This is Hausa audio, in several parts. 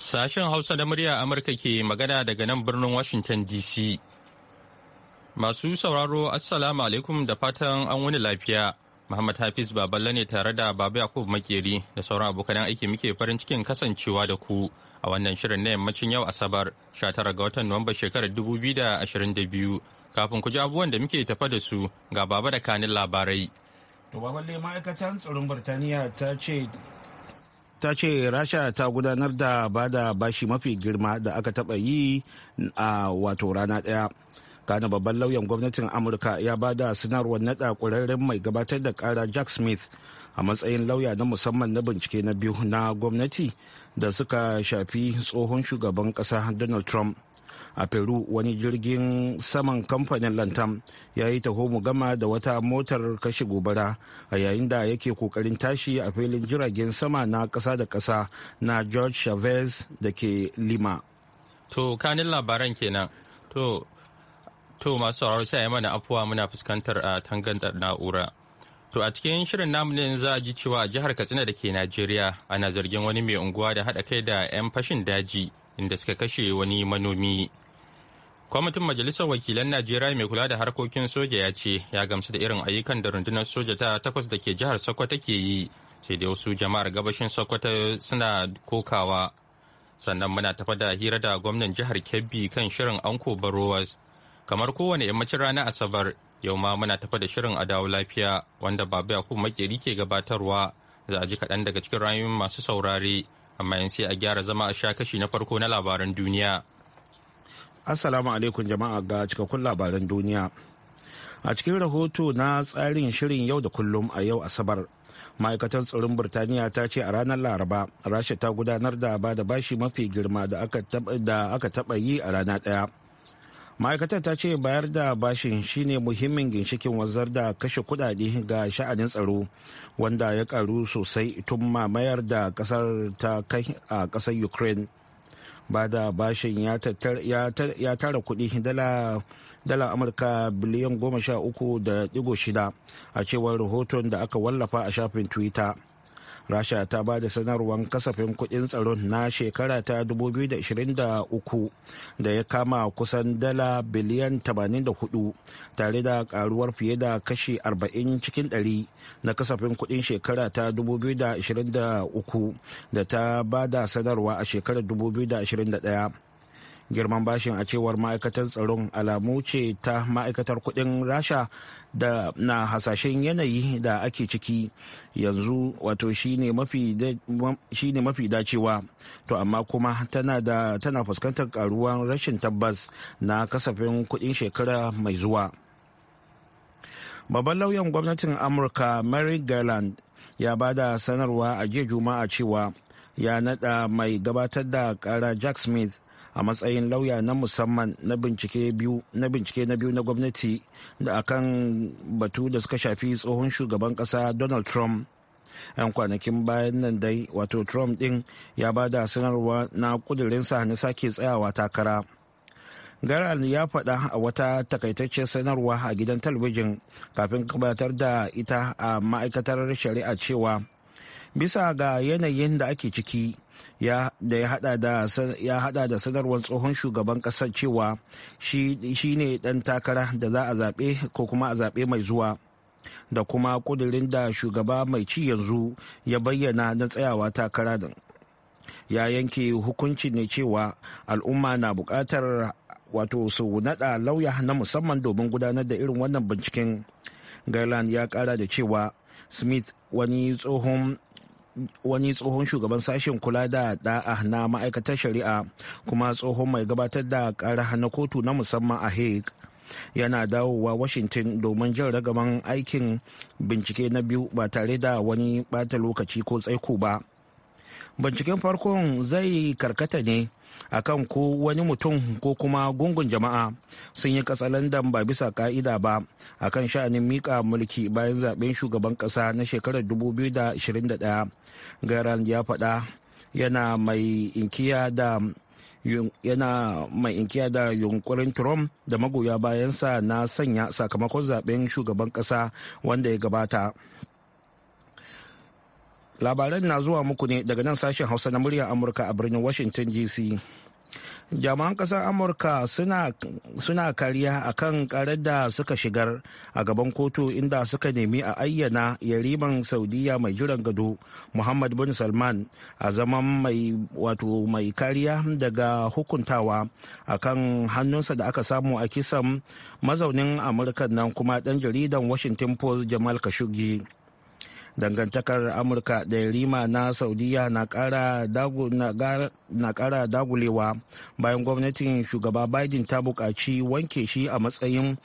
Sashen Hausa na murya Amurka ke magana daga nan birnin Washington DC. Masu sauraro Assalamu alaikum da fatan an wani lafiya. Muhammad Hafiz Baballe ne tare da Baba Yakub Makeri da sauran abokan aiki muke farin cikin kasancewa da ku a wannan shirin na yammacin yau Asabar 19 ga watan Nuwamba shekarar 2022. Kafin ku ji abubuwan da muke tafa da su ga Baba da kanin labarai. To Baballe ma'aikatan tsaron Birtaniya ta ce ta ce rasha ta gudanar da bada bashi mafi girma da aka taba yi a wato rana daya kana babban lauyan gwamnatin amurka ya bada sanarwar nada kurarren mai gabatar da kara jack smith a matsayin lauya na musamman na bincike na biyu na gwamnati da suka shafi tsohon shugaban kasa donald trump a peru wani jirgin saman kamfanin lantam ya yi taho mu gama da wata motar kashe gobara a yayin da yake kokarin tashi a filin jiragen sama na kasa da kasa na george chavez da ke lima to kanin labaran kenan to to masu sauraro sai mana afuwa muna fuskantar a ah, tangantar na'ura To a cikin shirin namu ne za a ji cewa jihar Katsina da ke Najeriya ana zargin wani mai unguwa da haɗa kai da 'yan fashin daji inda suka kashe wani manomi. kwamitin majalisar wakilan najeriya mai kula da harkokin soja ya ce ya gamsu da irin ayyukan da rundunar soja ta takwas da ke jihar sokoto ke yi sai da wasu jama'ar gabashin sokoto suna kokawa sannan muna tafa da hira da gwamnan jihar kebbi kan shirin anko barowas kamar kowane yammacin rana asabar yau ma muna tafa da shirin a lafiya wanda babu yakub makeri ke gabatarwa za a ji kaɗan daga cikin rayuwar masu saurare amma yin sai a gyara zama a sha kashi na farko na labaran duniya Assalamu alaikum jama'a ga cikakkun labaran duniya. A cikin rahoto na tsarin shirin yau da kullum a yau Asabar, ma'aikatar tsaron Birtaniya ta ce a ranar Laraba, Rasha ta gudanar da ba da bashi mafi girma da aka taɓa yi a rana ɗaya. Ma'aikatar ta ce bayar da bashin shine muhimmin ginshikin wanzar da kashe kudade ga sha'anin tsaro wanda ya karu sosai tun mamayar da kasar ta kai a kasar Ukraine. ba da bashin ya tara kudi dala dala amurka biliyan goma sha uku da digo a cewar rahoton da aka wallafa a shafin twitter rasha ta ba da sanarwar kasafin kudin tsaron na shekara ta 2023 da ya kama kusan dala biliyan 84 tare da karuwar fiye da kashi 40 cikin 100 na kasafin kudin shekara ta 2023 da ta ba da sanarwa a shekarar 2021 girman bashin a cewar ma'aikatar tsaron alamu ce ta ma'aikatar kudin rasha da na hasashen yanayi da ake ciki yanzu wato shi ne mafi dacewa to amma kuma tana da tana fuskantar karuwan rashin tabbas na kasafin kudin shekara mai zuwa babban lauyan gwamnatin amurka mary garland ya ba da sanarwa a jiya juma'a cewa ya nada mai gabatar da kara jack smith a matsayin lauya na musamman na bincike na biyu na gwamnati da akan batu da suka shafi tsohon shugaban kasa donald trump yan kwanakin bayan nan dai wato trump din ya ba da sanarwa na kudurinsa na sake tsayawa takara garal ya faɗa a wata takaitaccen sanarwa a gidan talabijin kafin gabatar da ita a ma'aikatar shari'a cewa bisa ga yanayin da ake ciki ya haɗa hada da sanarwar tsohon shugaban kasar cewa shi ne dan takara da za a zaɓe ko kuma a zaɓe mai zuwa da kuma kudirin da shugaba mai ci yanzu ya bayyana na tsayawa takara din ya yanke hukunci ne cewa al'umma na buƙatar wato su nada lauya na musamman domin gudanar da irin wannan binciken garland ya ƙara da cewa smith wani tsohon wani tsohon shugaban sashen kula da da'a na ma'aikatar shari'a kuma tsohon mai gabatar da kara na kotu na musamman a hague yana dawowa washington domin jin ragaman aikin bincike na biyu ba tare da wani bata lokaci ko tsaiko ba binciken farkon zai karkata ne akan ko wani mutum ko kuma gungun jama'a sun yi katsalandan ba bisa ka'ida ba akan sha'anin mika mulki bayan zaben shugaban kasa na shekarar 2021 garan ya faɗa yana mai inkiya da yana mai inkiya da yunkurin trump da magoya bayansa na sanya sakamakon zaben shugaban kasa wanda ya gabata labaran na zuwa muku ne daga nan sashen hausa na muryar amurka a birnin washington dc jami'an ƙasar amurka suna kariya a kan karar da suka shigar a gaban kotu inda suka nemi a ayyana yariman saudiya mai jiran gado muhammad bin salman a zaman mai wato mai kariya daga hukuntawa a kan hannunsa da aka samu a kisan mazaunin amurka nan kuma dan jaridan washington post jamal khashoggi dangantakar amurka da rima na saudiya na kara dagulewa bayan gwamnatin shugaba biden ta buƙaci wanke shi a matsayin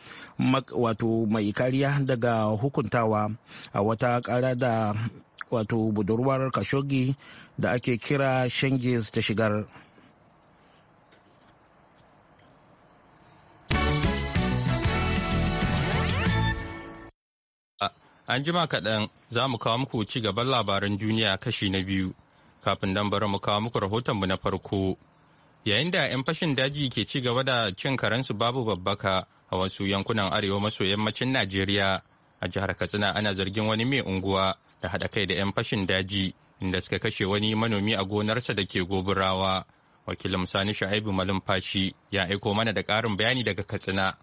wato mai kariya daga hukuntawa a wata kara da wato budurwar kashogi da ake kira shengis ta shigar An jima kaɗan za mu kawo muku ci gaban labaran duniya kashi na biyu, kafin nan bari mu kawo muku rahotonmu na farko. Yayin da 'yan fashin daji ke ci gaba da cin karensu babu babbaka a wasu yankunan arewa maso yammacin Najeriya, a jihar Katsina ana zargin wani mai unguwa da haɗa kai da 'yan fashin daji inda suka kashe wani manomi a gonarsa da ke goburawa. Wakilin Sani Sha'ibu Malumfashi ya aiko mana da ƙarin bayani daga Katsina.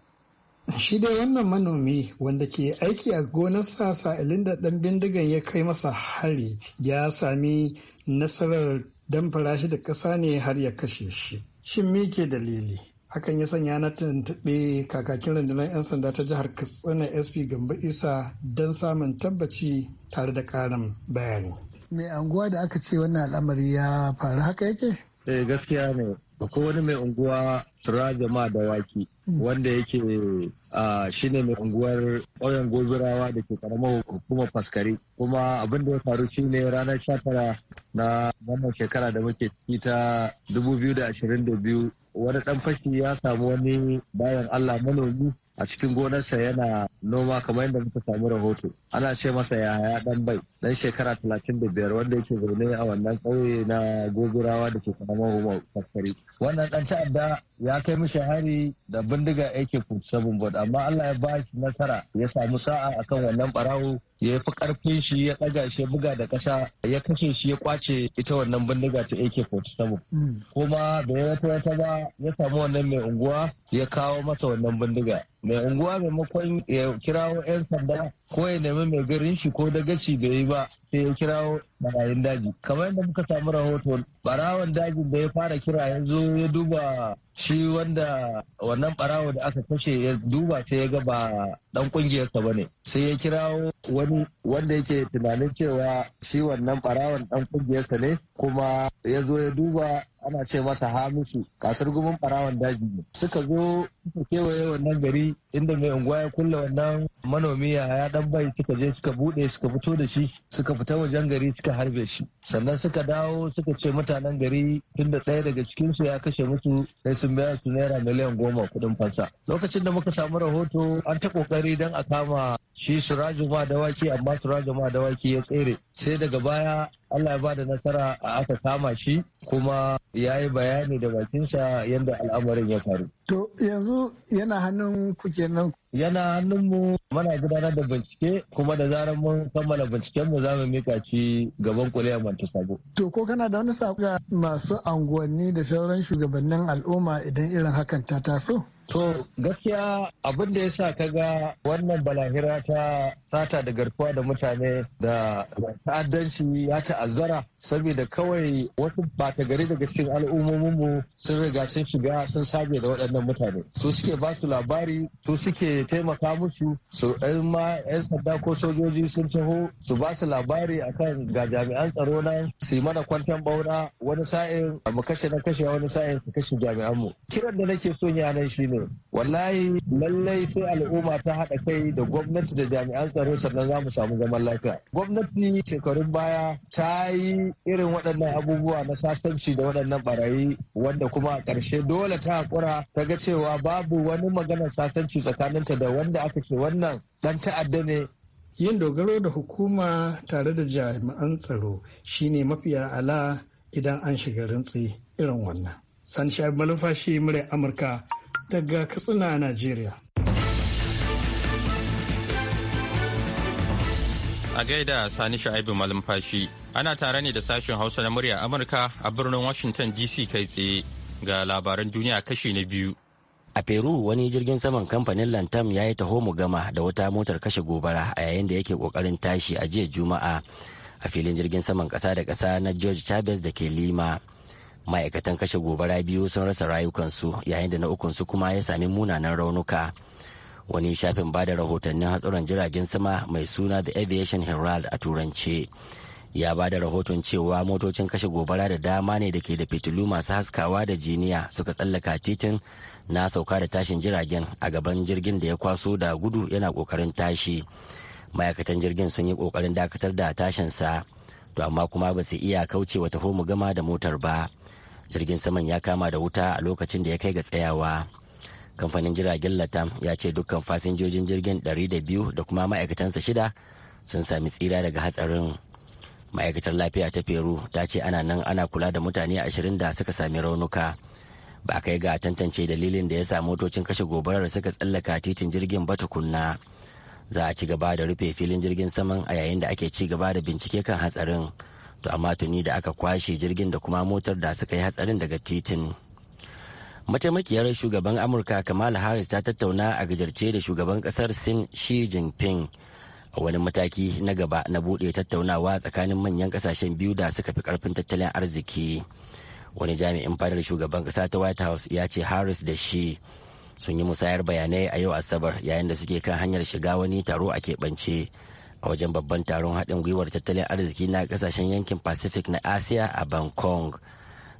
Shi dai wannan manomi wanda ke aiki a gonar sa, sa'ilin da ɗan bindigan ya kai masa hari ya sami nasarar dan shi da ƙasa ne har ya kashe shi. Shin me ke dalili? Hakan ya sanya na tuntuɓe kakakin rundunar 'yan sanda ta jihar Katsina SP Gambo Isa don samun tabbaci tare da ƙarin bayani. Mai anguwa da aka ce wannan al'amari ya faru haka yake? Eh gaskiya ne Ko wani mai unguwa Turajama da waki hmm. wanda yake shi ne mai unguwar ƙauyen gobirawa da ke karamar hukumar faskari kuma abin da ya faru shi ne ranar shatara na wannan shekara da muke ciki ta 2022 wani ɗan fashi ya samu wani bayan Allah manomi a cikin gonarsa yana noma kamar yadda muka samu rahoto ana ce masa yahaya dan bai dan shekara talatin da biyar wanda yake zaune a wannan ƙauye na gogurawa da ke karamar homa kakkari wannan dan ta'adda ya kai mishi hari da bindiga kusa 47 amma allah ya bashi nasara ya samu sa'a akan wannan barawo ya fi karfin shi ya ɗaga shi ya buga da ƙasa ya kashe shi ya kwace ita wannan bindiga ta AK47 mm. kuma da ya wata ba ya samu wannan mai unguwa ya kawo masa wannan bindiga mai unguwa maimakon ya kirawo 'yan sanda ko ya nemi mai garin shi ko dagaci bai yi ba sai ya kirawo barayin daji kamar yadda muka samu rahoton barawan dajin da ya fara kira yanzu ya duba shi wanda wannan barawo da aka kashe ya duba sai ya ga ba dan kungiyarsa ba ne sai ya kirawo wani wanda yake tunanin cewa shi wannan barawon dan kungiyarsa ne kuma ya zo ya duba ana ce masa hamisu kasar gumin barawan daji ne suka zo suka kewaye wannan gari inda mai unguwa ya kulle wannan manomi ya dan bai suka je suka bude suka fito da shi suka fita wajen gari suka harbe shi sannan suka dawo suka ce mutanen gari tunda ɗaya daga cikin su ya kashe musu sai sun biya su naira miliyan goma kuɗin fansa lokacin da muka samu rahoto an ta kokari don a kama shi rajin ma dawaki amma suraju ma dawaki ya tsere sai daga baya allah ya ba da nasara a aka kama shi kuma ya yi bayani da bakinsa yadda al'amarin ya faru To yanzu yana hannun ku kenan. Yana hannun mu. mana gudanar da bincike kuma da zarar mun kammala binciken mu zamu mika ci gaban kuliyar Manta Sabo. To ko kana da wani sako ga masu anguwanni da sauran shugabannin al'umma idan irin hakan ta taso? To gaskiya abin da ya sa ka ga wannan balahira ta sata da garkuwa da mutane da ta'addanci ya ta'azzara saboda kawai wasu bata gari daga cikin al'ummominmu sun riga sun shiga sun sabe da waɗannan waɗannan mutane su suke ba su labari su suke taimaka musu su ɗan ma 'yan sanda ko sojoji sun taho su ba su labari akan ga jami'an tsaro na su yi mana kwantan bauna wani sa'in mu kashe na kashe wani sa'in su kashe jami'an mu kiran da nake so ya nan shine wallahi lallai sai al'umma ta haɗa kai da gwamnati da jami'an tsaro sannan za mu samu zaman lafiya gwamnati shekarun baya ta yi irin waɗannan abubuwa na sasanci da waɗannan barayi wanda kuma a ƙarshe dole ta haƙura ta ga cewa babu wani maganar satanci tsakaninta da wanda aka ce wannan dan ta'adda ne yin dogaro da hukuma tare da jami'an tsaro shine mafiya ala idan an shiga rintsi irin wannan sani shaib malumfashi murya amurka daga katsina najeriya a gaida sani sha'ibu malumfashi ana tare ne da sashen hausa na murya amurka a birnin washington dc kai tsaye ga labaran duniya kashi na biyu. A Peru wani jirgin saman kamfanin Lantam ya yi taho gama da wata motar kashe gobara a yayin da yake kokarin tashi a jiya Juma'a a filin jirgin saman kasa da kasa na George Chavez da ke Lima. Ma'aikatan kashe gobara biyu sun rasa rayukansu yayin da na ukunsu kuma ya sami munanan raunuka. Wani shafin bada rahotannin hatsuran jiragen sama mai suna The Aviation Herald a turance. ya ba da rahoton cewa motocin kashe gobara da dama ne da ke da fitilu masu haskawa da jiniya suka tsallaka titin na sauka da tashin jiragen a gaban jirgin da ya kwaso da gudu yana kokarin tashi ma'aikatan jirgin sun yi kokarin dakatar da tashinsa to amma kuma ba su iya kaucewa taho mu gama da motar ba jirgin saman ya kama da wuta a lokacin da ya kai ga tsayawa kamfanin jiragen latam ya ce dukkan fasinjojin jirgin 200 da kuma ma'aikatansa shida sun sami tsira daga hatsarin ma'aikatar lafiya ta peru ta ce ana nan ana kula da mutane ashirin da suka sami raunuka ba kai ga tantance dalilin da ya sa motocin kashe gobarar suka tsallaka titin jirgin ba tukunna za a ci gaba da rufe filin jirgin saman a yayin da ake ci gaba da bincike kan hatsarin to amma tuni da aka kwashe jirgin da kuma motar da suka yi hatsarin daga titin mataimakiyar shugaban amurka kamala harris ta tattauna a gajarce da shugaban kasar sin shi jinping a wani mataki na gaba na buɗe tattaunawa tsakanin manyan kasashen biyu da suka fi ƙarfin tattalin arziki wani jami'in fadar shugaban ƙasa ta white house ya ce harris da shi sun yi musayar bayanai a yau asabar yayin da suke kan hanyar shiga wani taro a keɓance a wajen babban taron haɗin gwiwar tattalin arziki na kasashen yankin pacific na asiya a bangkok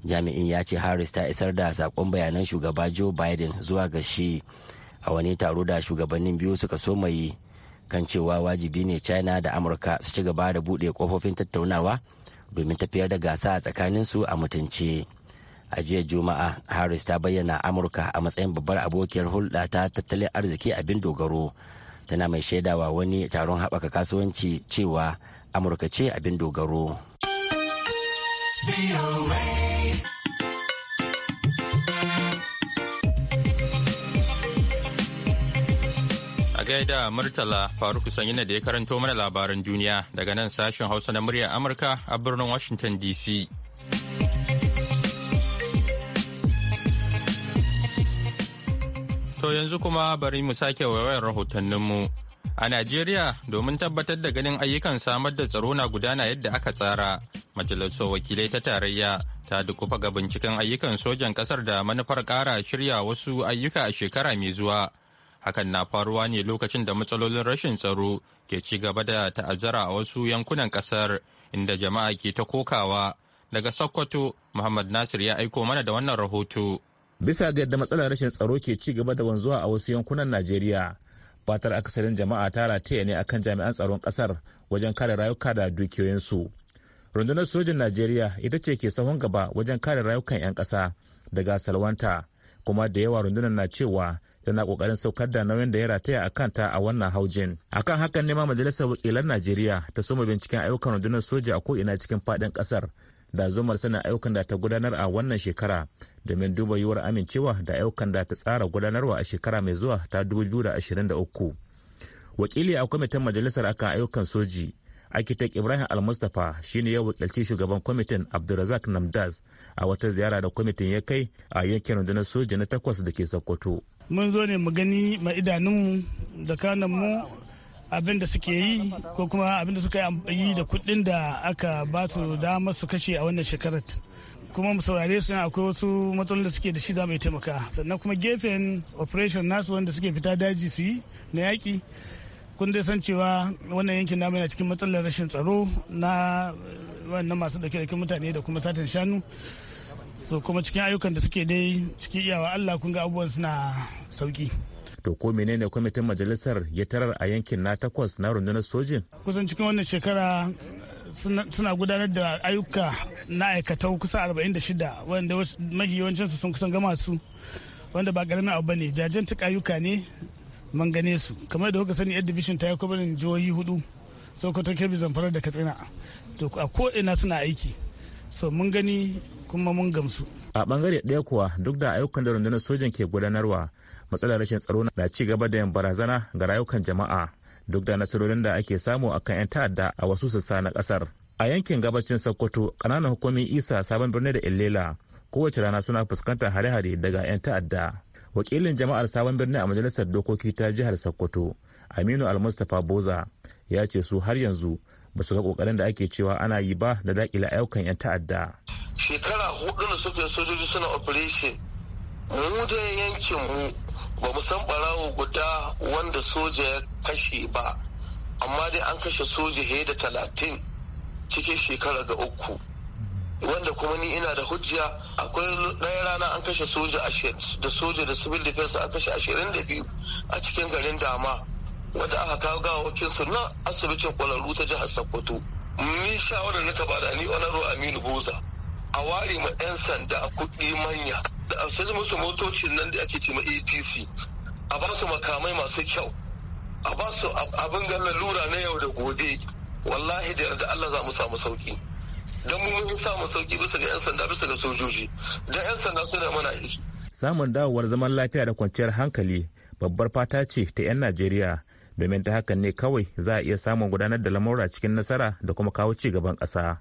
jami'in ya ce harris ta isar da saƙon bayanan shugaba joe biden zuwa ga shi a wani taro da shugabannin biyu suka so mai kan cewa wajibi ne china da amurka su ci gaba da buɗe kofofin tattaunawa domin tafiyar da gasa a tsakaninsu a mutunci a jiya juma'a harris ta bayyana amurka a matsayin babbar abokiyar hulɗa ta tattalin arziki abin dogaro tana mai shaidawa wani taron haɓaka kasuwanci cewa amurka ce abin dogaro. A gaida Murtala Faruk Sanyina da ya karanto mana labaran duniya daga nan sashen Hausa na muryar Amurka a birnin Washington DC. To yanzu kuma bari mu sake rahotannin rahotanninmu. A Najeriya domin tabbatar da ganin ayyukan samar da tsaro na gudana yadda aka tsara, Majalisar Wakilai ta Tarayya ta dukufa ga binciken ayyukan sojan ƙasar da manufar ƙara shirya wasu ayyuka a shekara mai zuwa. hakan na faruwa ne lokacin da matsalolin rashin tsaro ke ci gaba da ta'azzara a wasu yankunan kasar inda jama'a ke ta kokawa daga sokoto muhammad nasir ya aiko mana da wannan rahoto bisa ga yadda matsalar rashin tsaro ke ci gaba da wanzuwa a wasu yankunan najeriya fatar akasarin jama'a ta rataya ne akan jami'an tsaron kasar wajen kare rayuka da dukiyoyinsu rundunar sojin najeriya ita ce ke sahun gaba wajen kare rayukan 'yan kasa daga salwanta kuma da yawa rundunar na cewa tana kokarin saukar da nauyin da ya rataya a kanta a wannan haujin akan hakan ne ma majalisar wakilan najeriya ta soma binciken ayyukan rundunar soja a ko'ina cikin faɗin kasar da zumar sanin ayyukan da ta gudanar a wannan shekara domin duba yiwuwar amincewa da ayyukan da ta tsara gudanarwa a shekara mai zuwa ta da uku wakili a kwamitin majalisar akan ayyukan soji Akitek ibrahim almustapha shine ya wakilci shugaban kwamitin abdulrazak namdaz a wata ziyara da kwamitin ya kai a yankin rundunar soja na takwas da ke sokoto mun zo ne mu gani ma idanunmu da kananmu abin da suke yi ko kuma abin da suka yi da kuɗin da aka ba su dama su kashe a wannan shekarar kuma mu saurare su akwai wasu matsalolin da suke da shi za mu yi taimaka sannan kuma gefen operation nasu wanda suke fita daji su yi na yaƙi kun dai san cewa wannan yankin namu yana cikin matsalar rashin tsaro na wannan masu dauke da mutane da kuma satin shanu so kuma cikin ayyukan da suke dai cikin iyawa allah kun ga abubuwan suna sauki to ko menene kwamitin majalisar ya tarar a yankin na takwas na rundunar sojin kusan cikin wannan shekara suna gudanar da ayyuka na aikata kusa 46 wanda mafi yawancinsu sun kusan gama su wanda ba karamin abu bane jajantuk ayyuka ne man gane su kamar da kuka sani yar division ta yi kwabarin jihohi hudu sokoto kebbi zamfara da katsina to a ko ina suna aiki so mun gani kuma mun gamsu. A bangare ɗaya kuwa duk da ayyukan da rundunar sojan ke gudanarwa matsalar rashin tsaro na ci gaba da yin barazana ga rayukan jama'a duk da nasarorin da ake samu a kan 'yan ta'adda a wasu sassa na kasar. A yankin gabashin Sokoto, ƙananan hukumin Isa sabon birni da Illela kowace rana suna fuskantar hare-hare daga 'yan ta'adda. Wakilin jama'ar sabon birni a majalisar dokoki ta jihar Sokoto, Aminu Almustapha Boza, ya ce su har yanzu ba su ga kokarin da ake cewa ana yi ba da dakile ayyukan 'yan ta'adda shekara hudu da sufin sojoji suna operation mu da yankin mu ba mu san barawo guda wanda soja ya kashe ba amma dai an kashe soja he da talatin cikin shekara ga uku wanda kuma ni ina da hujja akwai ɗaya rana an kashe soja da soja da civil defense an kashe ashirin da biyu a cikin garin dama wanda aka kawo gawawakin su na asibitin kwararru ta jihar sokoto ni shawarar na bada ni onaro aminu boza a ware ma 'yan sanda kuɗi manya da a sai musu motocin nan da ake ce ma apc a ba su makamai masu kyau a ba su abin gan lura na yau da gobe wallahi da yarda allah za mu samu sauki don mu mun samu sauki bisa ga 'yan sanda bisa ga sojoji don 'yan sanda suna mana aiki samun dawowar zaman lafiya da kwanciyar hankali babbar fata ce ta 'yan najeriya domin ta hakan ne kawai za a iya samun gudanar da lamura cikin nasara da kuma kawo ci gaban ƙasa.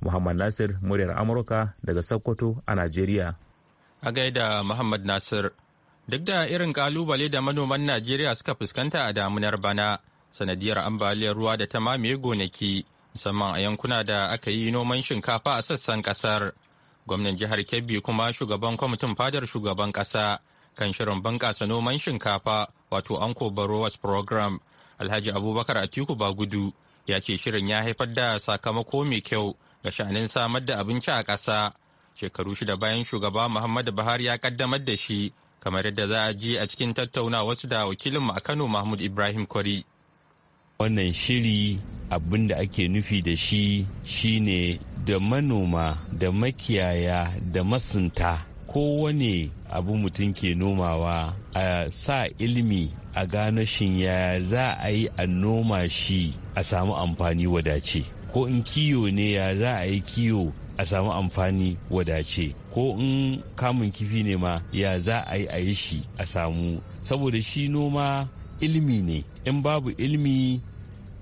Muhammad Nasir muryar Amurka daga Sokoto a Najeriya. A gaida Muhammad Nasir, duk da irin kalubale da manoman Najeriya suka fuskanta a damunar bana, sanadiyar ambaliyar ruwa da ta mamaye gonaki, musamman a yankuna da aka yi noman shinkafa a sassan ƙasar. Gwamnan jihar Kebbi kuma shugaban kwamitin fadar shugaban ƙasa kan shirin bunƙasa noman shinkafa wato anko barowas program alhaji abubakar atiku bagudu ya ce shirin ya haifar da sakamako mai kyau ga sha'anin samar da abinci a ƙasa shekaru shida bayan shugaba muhammadu buhari ya kaddamar da shi kamar yadda za a ji a cikin tattauna wasu da wakilinmu a kano mahmud ibrahim kwari wannan shiri abin da ake nufi da shi shine da manoma da makiyaya da masunta kowane abu mutum ke nomawa a sa ilimi a gano shin ya za a yi a noma shi a samu amfani wadace ko in kiyo ne ya za a yi kiyo a samu amfani wadace ko in kamun kifi ne ma ya za a yi a yi shi a samu saboda shi noma ilimi ne in babu ilimi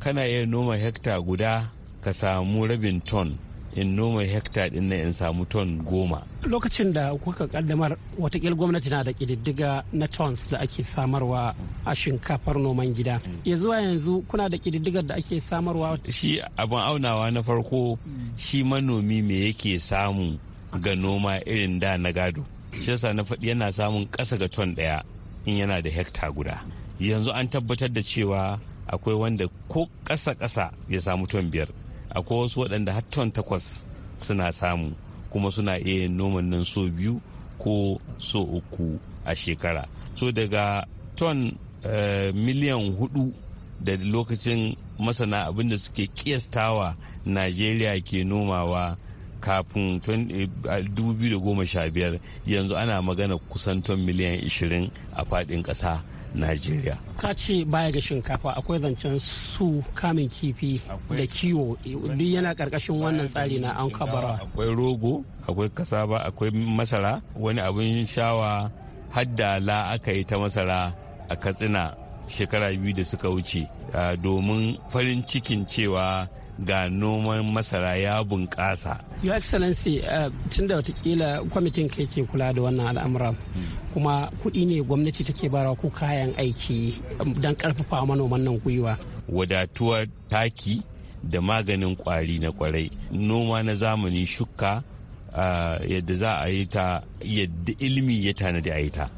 kana iya noma hekta guda ka samu rabin ton in noma hekta din na in samu ton goma. Lokacin da kuka kaddamar watakil gwamnati na da kididdiga na tons da ake samarwa a shinkafar noman gida. Ya zuwa yanzu kuna da kididdigar da ake samarwa. Shi abin aunawa na farko shi manomi me yake samu ga noma irin da na gado. Shi yasa na faɗi yana samun ƙasa ga ton ɗaya in yana da hekta guda. Yanzu an tabbatar da cewa akwai wanda ko ƙasa-ƙasa ya samu ton biyar. akwai wasu waɗanda har ton takwas suna samu kuma suna iya yin noman nan so biyu ko so uku a shekara so daga ton eh, miliyan hudu da lokacin masana abinda suke kiyastawa najeriya ke nomawa kafin 2015 eh, yanzu ana magana kusan ton miliyan 20 a fadin kasa najeriya ka ce baya ga shinkafa akwai zancen su kamin kifi da kiwo duk yana karkashin wannan tsari na an kabara akwai rogo akwai kasaba akwai masara wani abin shawa hadda la aka yi ta masara a katsina shekara biyu da suka wuce domin farin cikin cewa ga noman masara ya bunƙasa. Your Excellency, uh, watakila kwamitin kai ke kula da wannan al'amura kuma kuɗi ne gwamnati take barawa ko kayan aiki um, don ƙarfafa manoman nan gwiwa. Wadatuwar taki da maganin ƙwari na ƙwarai, noma na zamani shuka uh, yadda za a yi ta yadda ilimi ya tanadi a yi ta.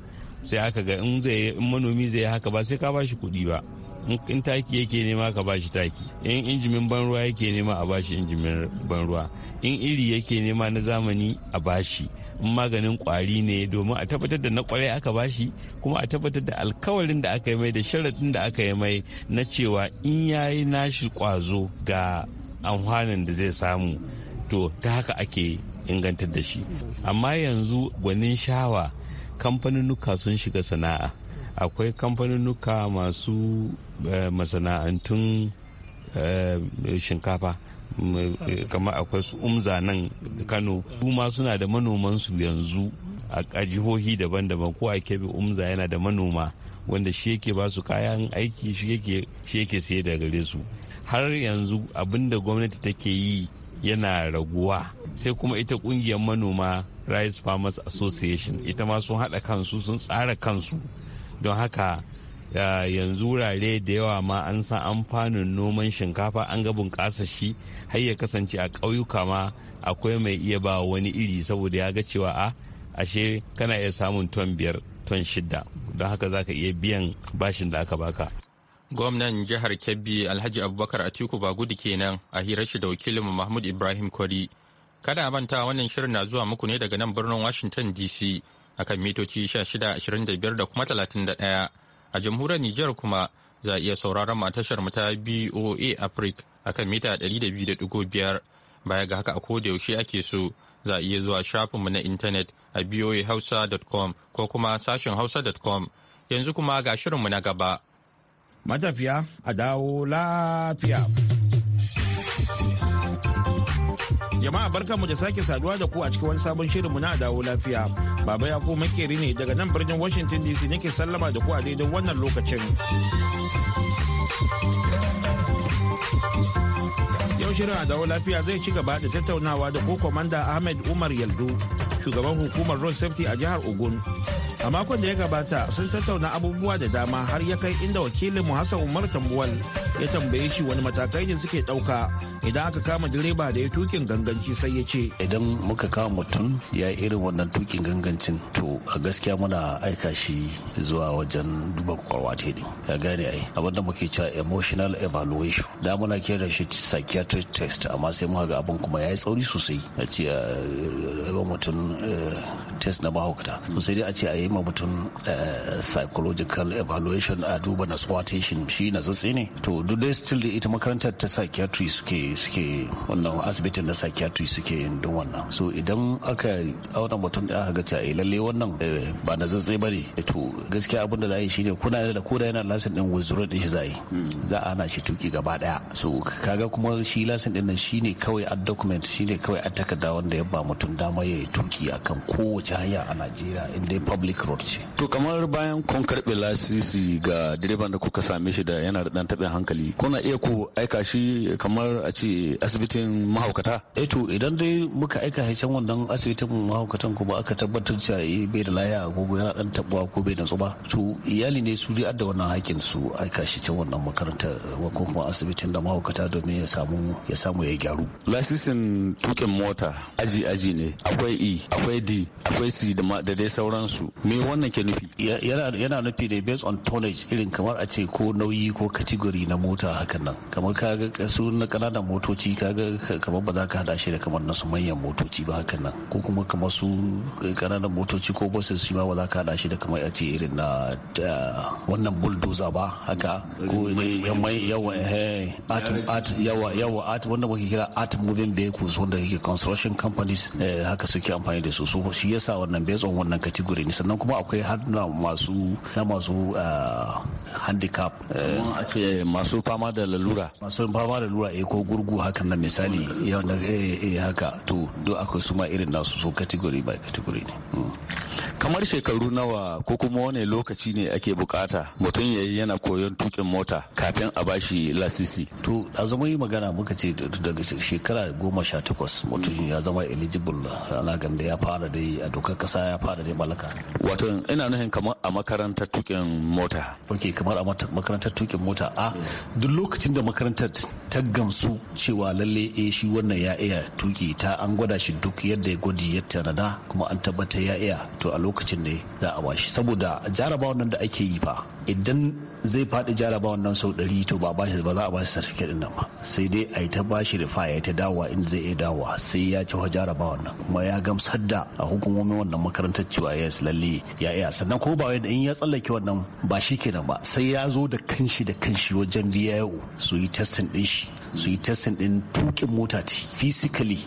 Sai aka ga in manomi zai haka ba sai ka ba shi kuɗi ba. in taki yake nema ka bashi taki in injimin ban ruwa yake nema a bashi injimin ban ruwa in iri yake nema na zamani a bashi in maganin kwari ne domin a tabbatar da na kwarai aka bashi kuma a tabbatar da alkawarin da aka yi mai da sharaɗin da aka yi mai na cewa in ya yi nashi kwazo ga amfanin da zai samu to ta haka ake ingantar da shi amma yanzu gwanin shawa kamfanin sun shiga sana'a akwai kamfanunuka masu eh, masana'antun eh, shinkafa mm, eh, kamar akwai su umza nan kano kuma suna da manomansu yanzu a jihohi daban-daban ko a kebe umza yana da manoma wanda shi yake ba su kayan aiki shi yake siye da gare su har yanzu abin da gwamnati take yi yana raguwa sai kuma ita kungiyar manoma rice farmers association ita ma sun haɗa kansu sun tsara kansu don haka yanzu wurare da yawa ma an san amfanin noman shinkafa an ga bunƙasa shi har ya kasance a ƙauyuka ma akwai mai iya ba wani iri saboda ya ga cewa a ah, ashe kana iya samun ton biyar ton shida don haka za ka iya biyan bashin da aka baka gwamnan jihar kebbi alhaji abubakar atiku gudu kenan a hirar shi da wakilin mahmud ibrahim kwari kada manta wannan shirin na zuwa muku ne daga nan birnin washington dc akan mitoci 1625 da kuma 31 a jamhuriyar Nijar kuma za a iya sauraron mu a tashar mu ta BOA Africa akan mita 200.5 baya ga haka a koda yaushe ake so za a iya zuwa shafin mu na intanet a boahausa.com ko kuma sashen hausa.com yanzu kuma ga shirinmu na gaba. Matafiya a dawo lafiya. Jama'a mu da sake saduwa da ku a cikin wani sabon shirinmu na dawo lafiya. Baba ya ku makeri ne daga nan birnin Washington DC nake sallama da ku a daidai wannan lokacin. Yau shirin a dawo lafiya zai ci gaba da tattaunawa da ko komanda Ahmed Umar Yaldu, shugaban hukumar Road Safety a jihar Ogun. a makon da ya gabata sun tattauna abubuwa da dama har ya kai inda wakilin mu hassan umar tambuwal ya tambaye shi wani matakai ne suke ɗauka idan aka kama direba da ya tukin ganganci sai ya ce idan muka kama mutum ya irin wannan tukin gangancin to a gaskiya muna aika shi zuwa wajen duba kwarwa ta ne ya gane ai da muke cewa emotional evaluation da muna kira shi psychiatric test amma sai muka ga abin kuma ya yi tsauri sosai a ce eh, eh, eh, mutum test na mahaukata to sai dai a ce a yi ma mutum eh, psychological evaluation a duba na swatation shi na zatsi ne to duk still da ita makarantar ta psychiatry suke suke wannan asibitin na psychiatry suke yin don wannan so idan aka auna mutum da aka gaci a eh, lalle wannan eh, ba na zatsi ba ne to gaskiya abin da za a yi shine kuna da koda yana lasin din wuzuru din shi za a yi hmm. za a hana shi tuki gaba daya so kaga kuma shi lasin din nan shine kawai a document shine kawai a takarda wanda ya ba mutum dama ya yi tuki akan kowace wuce a najeriya in dai public road ce to kamar bayan kun karɓe lasisi ga direban da kuka same shi da yana da dan taɓe hankali kuna iya ku aika shi kamar a ce asibitin mahaukata eh to idan dai muka aika shi wannan asibitin mahaukatan kuma aka tabbatar cewa eh bai da laya agogo yana dan tabuwa ko bai natsu ba to iyali ne su da wannan hakin su aika shi can wannan makarantar ko kuma asibitin da mahaukata domin ya samu ya samu ya gyaru lasisin tukin mota aji aji ne akwai e akwai d kwesi da dai sauransu me wannan ke nufi yana nufi ne based on tonnage irin kamar a ce ko nauyi ko category na mota hakan nan kamar kaga kasu na kananan motoci kaga kamar ba za ka hada shi da kamar na manyan motoci ba hakan nan ko kuma kamar su kananan eh, motoci ko buses shi ma ba za ka hada shi da kamar a ce irin na wannan bulldozer ba haka ko eh, yawa yawa yawa at wanda muke kira at moving vehicles wanda yake construction companies eh, haka suke amfani da su su shi yasa sa wannan bai on wannan category ne sannan kuma akwai na masu na masu ah, handicap a ce masu fama da lalura masu fama da lalura eh ko gurgu hakan na misali yau na eh, eh haka to do akwai su ma irin nasu so category by category ne mm. kamar shekaru nawa ko kuma wani lokaci ne ake bukata mutum yayi yana koyon tukin mota kafin a bashi lasisi to a zama yi magana muka ce daga shekara goma sha takwas mutum ya zama eligible ana ganda ya fara dai a dokar kasa ya fara da mallaka wato ina nufin kamar a makarantar tukin mota ok kamar a makarantar tukin mota a duk lokacin da makarantar ta gamsu cewa lalle eh shi wannan ya iya tuki ta an gwada shi duk yadda ya gwaji ya tanada kuma an tabbatar ya iya to a lokacin ne za a bashi saboda jarabawan nan da ake yi fa idan zai faɗi jaraba wannan sau ɗari to ba bashi ba za a bashi certificate ɗin nan ba sai dai a yi ta bashi rufa ya ta dawa in zai iya dawa sai ya ci jaraba wannan kuma ya gamsar da a hukumomin wannan makarantar cewa ya lalle ya iya sannan ko ba wai in ya tsallake wannan ba shi kenan ba sai ya zo da kanshi da kanshi wajen VIO su yi testin ɗin shi su yi testin ɗin tukin mota physically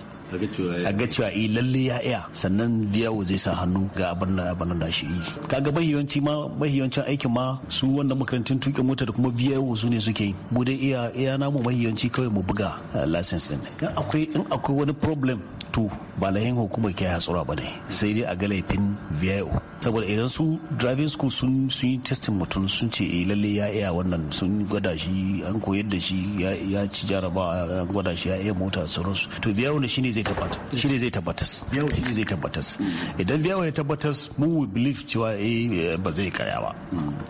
a ga cewa eh lalle ya iya sannan yawo zai sa hannu ga abin da abin da shi yi kaga mahiyanci ma mahiyancin aikin ma su wanda makarantun tuke mota da kuma yawo su ne suke yi mu dai iya iya namu mahiyanci kawai mu buga eh, license din in akwai in akwai wani problem to ba lahin hukumar ke hatsura ba ne sai dai a ga laifin VIO saboda idan su driving school sun yi testing mutum sun ce eh lalle ya iya wannan sun gwada shi an koyar da shi ya ci jaraba an gwada shi ya iya mota sauran su to biya wanda shine zai tabbatar shine zai tabbatas biya wanda shine zai tabbatas idan biya wani tabbatas mu believe cewa eh ba zai karya ba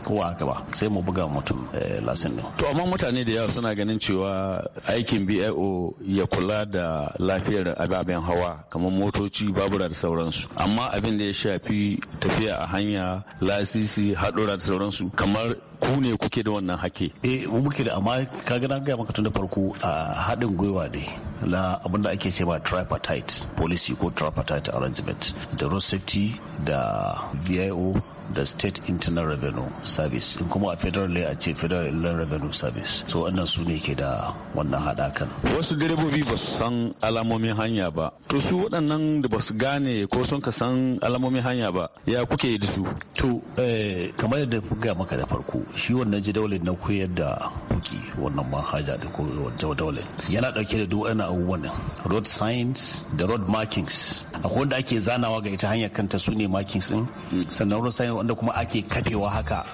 ko haka ba sai mu buga mutum eh, lasin din to amma mutane da yawa suna ganin cewa aikin BIO ya kula da lafiyar ababen hawa kamar motoci babura da sauransu amma abin da ya shafi tafiya tafiya a hanya lasisi haɗura da sauransu kamar ku ne kuke da wannan hake eh muke da amma kaga na gaya maka tun da farko a haɗin gwiwa ne la abinda ake ce ba tripartite policy ko tripartite arrangement da road safety da vio da state internal revenue service in kuma a federal ne a ce federal inland revenue service so wannan su ne ke da wannan haɗakan wasu direbobi ba su san alamomin hanya ba to su waɗannan da ba su gane ko sun ka san alamomin hanya ba ya kuke yi da su to eh, kamar yadda kuka maka da farko shi wannan jadawalin na koyar da kuki wannan manhaja da ko jadawalin yana dauke da duk wani abubuwan road signs da road markings akwai wanda ake zanawa ga ita hanyar kanta su ne markings din sannan road signs wanda kuma ake kafewa haka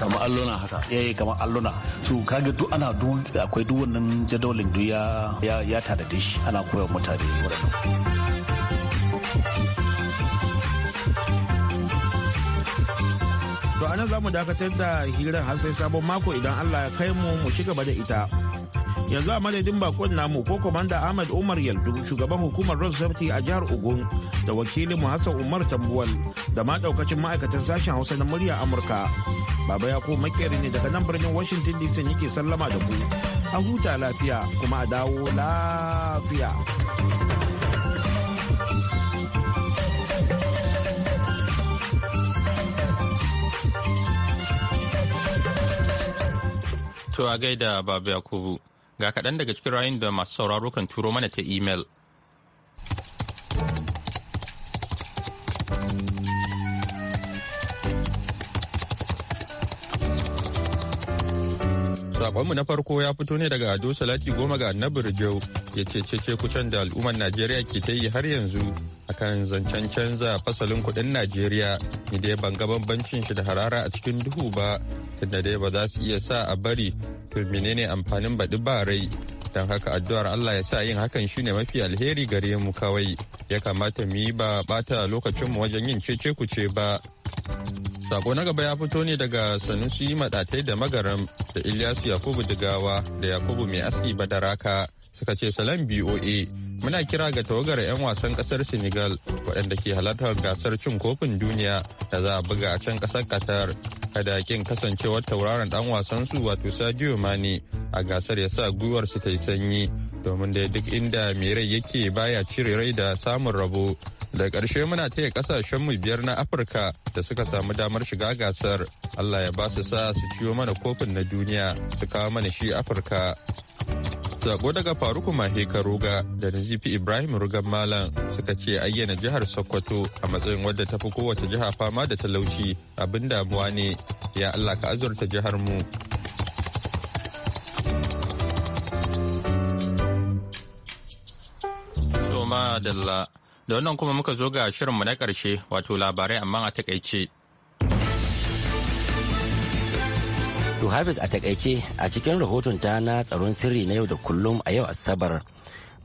kamar alluna haka eh kama alluna su kaga duk ana duk akwai duk wannan jadawalin duk ya ya tada shi ana koyar mutane waɗannan To anan za mu dakatar da hirar har sai sabon mako idan Allah ya kai mu mu ci gaba da ita. yanzu a madadin bakon namu ko komanda ahmad umar yaldu shugaban hukumar ross safety a jihar ogun da wakilin mu hassan umar tambuwal da ma daukacin ma'aikatan sashen hausa na murya amurka baba ya ko makeri ne daga nan birnin washington dc yake sallama da ku a huta lafiya kuma a dawo lafiya To a gaida Babu Yakubu. Ga kaɗan daga cikin rayun da masu sauraro kan turo mana ta imel. saƙonmu na farko ya fito ne daga Ado Salati goma ga Annabi Rijau ya ce cece kucen da al'ummar Najeriya ke ta yi har yanzu akan zancen canza fasalin kuɗin Najeriya ni dai ban ga bambancin shi da harara a cikin duhu ba tunda dai ba za su iya sa a bari to menene amfanin baɗi ba rai don haka addu'ar Allah ya sa yin hakan shine mafi alheri gare mu kawai ya kamata mu yi ba bata lokacinmu wajen yin cece kuce ba sako na gaba ya fito ne daga sanusi madatai da magaram da ilyasu yakubu digawa da yakubu mai aski badaraka suka ce salam BOA muna kira ga tawagar 'yan wasan kasar Senegal waɗanda ke halartar gasar cin kofin duniya da za a buga a can kasar Qatar kada kin kasancewar tauraron ɗan wasan su wato Sadio Mane a gasar ya sa gwiwar su ta yi sanyi domin da duk inda mai rai yake baya cire rai da samun rabo da ƙarshe muna taya kasashen mu biyar na afirka da suka samu damar shiga gasar allah ya ba su sa su ciyo mana kofin na duniya su kawo mana shi afirka Dr. daga Faruku Maheka Ruga da Nazifi Ibrahim Rugan Malam suka ce ayyana jihar Sokoto a matsayin wadda ta fi kowace jiha fama da talauci abin damuwa ne ya Allah ka azurta jihar mu. Soma Dalla, da wannan kuma muka zo ga shirinmu na ƙarshe wato labarai amma a takaice. To Hafiz a takaice a cikin rahoton ta na tsaron sirri na yau da kullum a yau Asabar.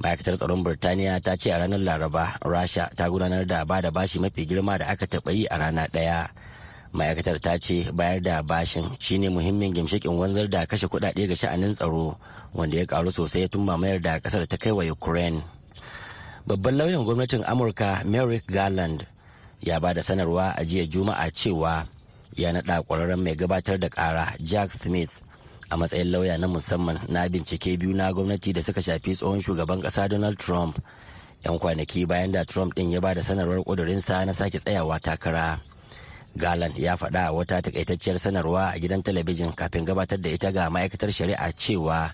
Ma'aikatar tsaron Birtaniya ta ce a ranar Laraba, Rasha ta gudanar da ba da bashi mafi girma da aka taɓa yi a rana ɗaya. Ma'aikatar ta ce bayar da bashin shine muhimmin gimshikin wanzar da kashe kuɗaɗe ga sha'anin tsaro wanda ya karu sosai tun mamayar da kasar ta kai wa Ukraine. Babban lauyan gwamnatin Amurka Merrick Garland ya ba da sanarwa a jiya Juma'a cewa ya naɗa ƙwararren mai gabatar da ƙara jack smith a matsayin lauya na musamman na bincike biyu na gwamnati da suka shafi tsohon shugaban ƙasa donald trump 'yan kwanaki bayan da trump ɗin ya ba da sanarwar ƙudurinsa na sake tsayawa takara galan ya faɗa wata takaitacciyar sanarwa a gidan talabijin kafin gabatar da ita ga ma'aikatar shari'a cewa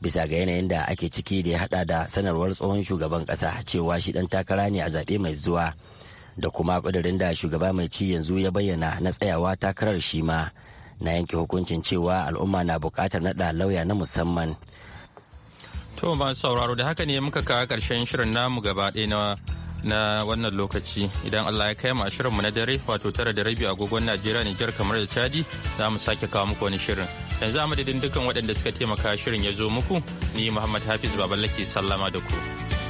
bisa ga yanayin da ake ciki da ya haɗa da sanarwar tsohon shugaban ƙasa cewa shi ɗan takara ne a zaɓe mai zuwa da kuma ƙudurin da shugaba mai ci yanzu ya bayyana na tsayawa takarar shi ma na yanke hukuncin cewa al'umma na bukatar naɗa lauya na musamman. To ba sauraro da haka ne muka kawo karshen shirin namu gaba ɗaya na wannan lokaci idan Allah ya kai mu shirinmu na dare wato tara da rabi agogon Najeriya Nijar kamar da Chadi za mu sake kawo muku wani shirin yanzu amadadin dukkan waɗanda suka taimaka shirin ya zo muku ni Muhammad Hafiz Baballake sallama da ku.